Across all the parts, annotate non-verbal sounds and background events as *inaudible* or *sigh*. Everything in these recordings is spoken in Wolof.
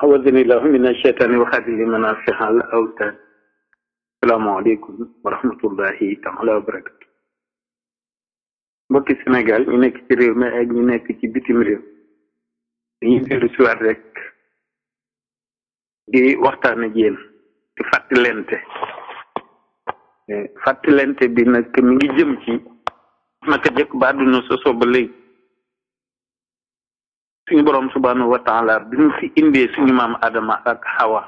awazani lahu min asheytaani waxaati li mën a fexal awtaan salaamaaleykum wa rahmatullahi taala wa barakatu mbokki Sénégal ñu nekk ci réew mi ak ñu nekk ci bitim réew dañuy dellu siwaat rek di waxtaan ak yéen di fàttalente bi nag mi ngi jëm ci naka jëkk ba àdduna sosoo ba léegi suñu borom subhanahu wa ta'ala bi mu fi indee suñu maam adama ak hawa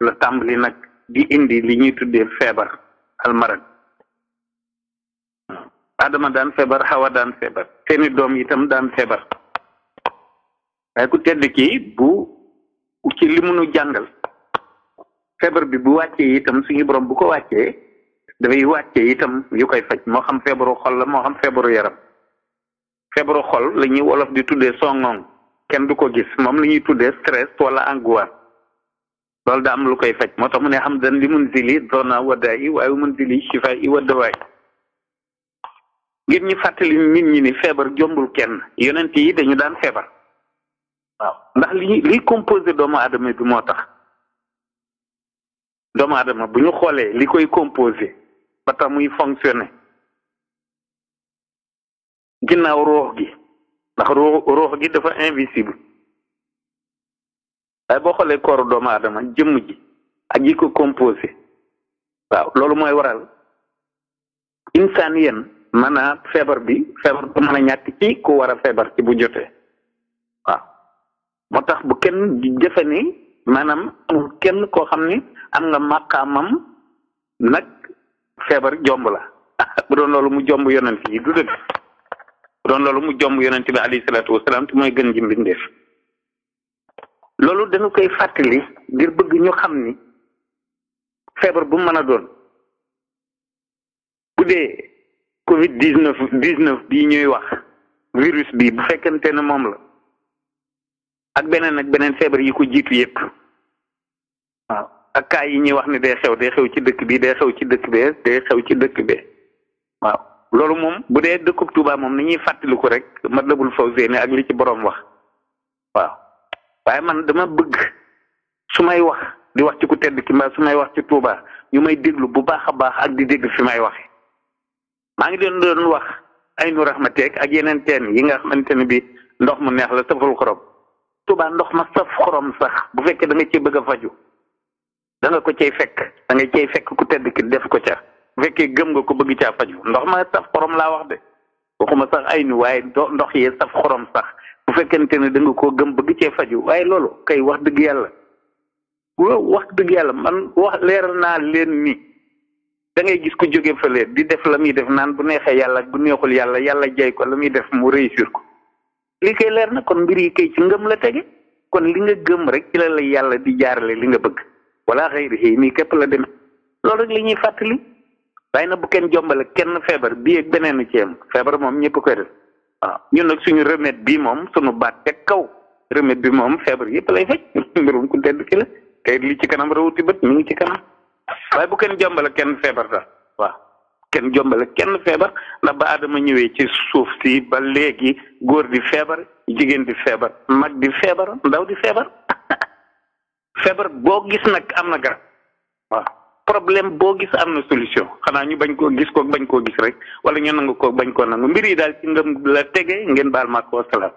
la tàmbali di indi li ñuy febar feebar almarad adama dan febar hawa dan febar seeni Dom itam dan feebar waaye ku tedd ki bu ci li mu nu jàngal bi bu wàccee itam suñu borom bu ko wàccee dafay wàccee itam yu koy faj moo xam feebaru xol la xam yaram feebaru xool la ñuy wolof di tuddee songoŋ kenn du ko gis moom la ñuy tuddee stress wala angoisse loolu daa am lu koy faj moo tax mu ne xam dan li mun zili doona waddaa yi waaye mun zili shifa yi waddawaay ngir ñu fàttali nit ñi ni feebar jombul kenn yonent yi dañu daan feebar waaw ndax li liy composé doomu adama bi moo tax doomu adama bu ñu xoolee li koy composé ba tax muy fonctionné ginnaaw ruux gi ndax ruux ruux gi dafa invisible waaye boo xoolee kooru doomu aadama jëmm ji ak yi ko composé waaw loolu mooy waral insaan yenn mën a feebar bi feebar bu mën a ñàkk ci ku war a feebar ci bu jotee waaw moo tax bu kenn di jëfe ni maanaam kenn koo xam ni am nga màqaamam nag feebar jomb la *laughs* bu doon loolu mu jomb yonent yi du dëgg bu doon loolu mu jomb yonent bi alayhi salaatu wasalaam te mooy gën ji mbindeef loolu dañu koy fàttali ngir bëgg ñu xam ni feebar bu mën a doon bu dee covid dix neuf dix neuf bii ñuy wax virus bi bu fekkente ne moom la ak beneen ak beneen feebar yi ko jiitu yépp waaw ak kaa yi ñuy wax ni day xew day xew ci dëkk bi day xew ci dëkk bee day xew ci dëkk bee waaw loolu moom bu dee dëkku Touba moom ni ñuy fàttaliku rek Matlabul Fawzayni ak li ci boroom wax waaw waaye man dama bëgg su may wax di wax ci ku tedd ki mbaa su may wax ci Touba ñu may déglu bu baax a baax ak di dégg fi may waxe maa ngi leen doon wax ay nu teeg ak yeneen teen yi nga xamante ne bi ndox mu neex la saful xorom Touba ndox ma saf xorom sax bu fekkee da nga cee bëgg a faju danga ko cay fekk danga nga cay fekk ku tedd ki def ko ca bu fekkee gëm nga ko bëgg caa faju ndox ma saf xorom laa wax de waxuma sax ay nu waaye ndox yee saf xorom sax bu fekkente ne da nga koo gëm bëgg cee faju waaye loolu kay wax dëgg yàlla waaw wax dëgg yàlla man wax leeral naa leen ni dangay gis ku jóge fële di def la muy def naan bu neexee yàlla bu neexul yàlla yàlla jay ko la muy def mu réussir ko li koy leer na kon mbir yi kay ci ngëm la tege kon li nga gëm rek ci la la yàlla di jaarale li nga bëgg wala xëy na nii képp la demee loolu rek waaye na bu kenn jombale kenn feebar bii ak beneen ci yem feebar moom ñëpp koy def waaw ñun nag suñu remet bii moom suñu baat teg kaw remet bi moom feebar yëpp lay faj *laughs* mbirum ku tedd ki la te ci kanam rawuti bët mu ngi ci kanam waaye bu kenn jombale kenn feebar daal waaw kenn jombale kenn feebar ndax ba aadama ñëwee ci suuf si ba léegi góor di feebar jigéen di feebar mag di feebar ndaw di feebar *laughs* feebar boo gis nag am na garab waaw problème boo gis am na solution xanaa ñu bañ koo gis ko bañ koo gis rek wala ñu nangu ko bañ koo nangu mbir yi daal ci ngëm la tegee ngeen baal ma ko salaam